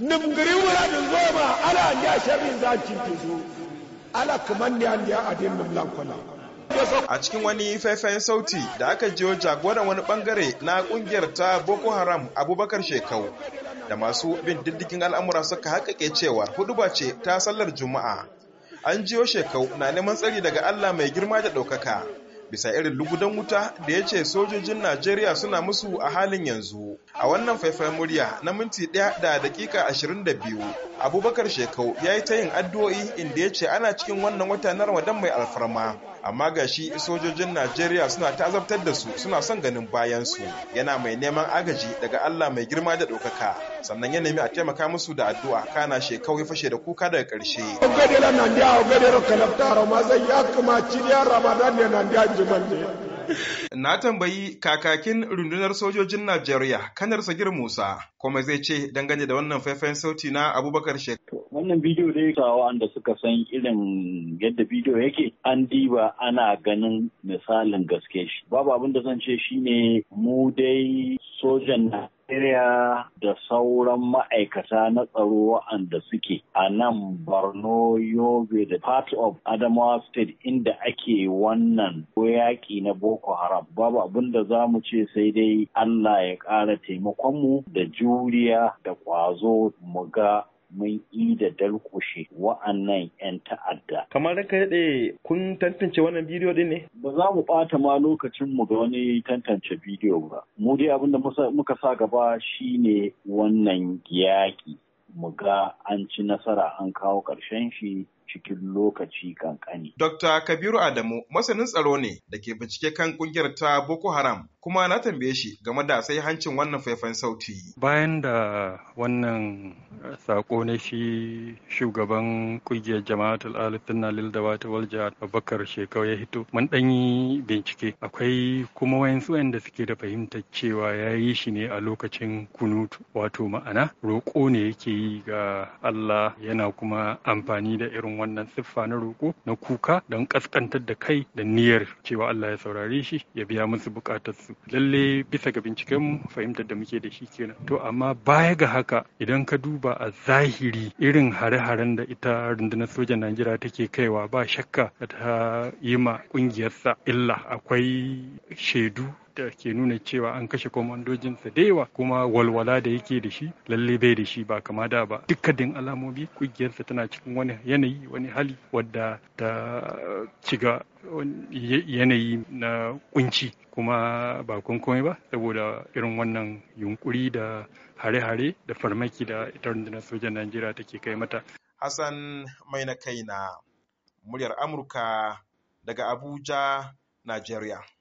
nimgiri wuladin ba ala ya sharrin zakin tuzu ala kaman ne an ya adin mimlan kula a cikin wani faifayen sauti da aka jiyo jagoran wani bangare na kungiyar ta boko haram abubakar shekau da masu bin diddigin al'amura suka haƙaƙe cewa huduba ce ta sallar juma'a an jiyo shekau na neman tsari daga allah mai girma da ɗaukaka bisa irin lugudan wuta da ya ce sojojin Najeriya suna musu a halin yanzu. A wannan faifan murya na minti ɗaya da dakika ashirin da biyu, Abubakar Shekau ya yi ta yin addu'o'i inda ya ce ana cikin wannan wata na Ramadan mai alfarma. Amma ga shi sojojin Najeriya suna ta'azabtar da su suna son ganin bayansu. Yana mai neman agaji daga Allah mai girma da ɗaukaka. Sannan ya nemi a taimaka musu da addu'a kana shekau ya fashe da kuka daga ƙarshe. Nandiya Nandiya. Na tambayi kakakin rundunar sojojin Najeriya, Kanar Sagir Musa, kuma zai ce dangane da wannan faifan sauti na Abubakar Shekaru. Wannan bidiyo da ya wanda suka san irin yadda bidiyo yake, an diba ana ganin misalin gaske shi. Babu abin da zan ce shi ne mu dai sojan na Najeriya da sauran ma'aikata na tsaro wa'anda suke a nan Borno Yobe da part of Adamawa State inda ake wannan yaƙi na Boko Haram. Babu abin da za mu ce sai dai Allah ya ƙara taimakonmu da juriya da ƙwazo mu ga mun yi da dalkushe wa'annan 'yan ta'adda. Kamar da daɗe kun tantance wannan bidiyo ɗin ne? Ba za mu ɓata ma lokacin mu ga wani tantance bidiyo ba. Mu dai abin da muka sa gaba shine wannan yaƙi. Mu ga an ci nasara an kawo ƙarshen shi cikin lokaci kankani. Dr. Kabiru Adamu masanin tsaro ne da ke bincike kan kungiyar ta Boko Haram kuma na tambaye shi game da sai hancin wannan faifan sauti. Bayan da wannan eh, sako na shi shugaban kungiyar jama'atul na lil da wata walja Abubakar Shekau ya hito mun dan yi bincike akwai kuma wayansu wanda suke da fahimtar cewa ya yi shi ne a lokacin kunutu wato ma'ana roƙo ne yake yi ga Allah yana kuma amfani da irin wannan siffa na roƙo na kuka don ƙasƙantar da kai da niyyar cewa Allah ya saurare shi ya biya musu buƙatarsu lalle bisa ga binciken fahimtar da muke da shi kenan to amma baya ga haka idan ka duba a zahiri irin hare-haren da ita rundunar sojan Najeriya take kaiwa ba shakka ta yi ma ƙungiyarsa illa akwai shaidu da ke nuna cewa an kashe komandojin sa da yawa kuma walwala da yake da shi lalle bai da shi ba kama da ba dukkanin alamomi kungiyarsa tana cikin wani yanayi wani hali wadda ta ciga yanayi na kunci kuma ba komai ba saboda irin wannan yunkuri da hare-hare da farmaki da ita rundunar sojan Najeriya take kai mata. Hassan mai na kai na muryar Amurka daga Abuja, Najeriya.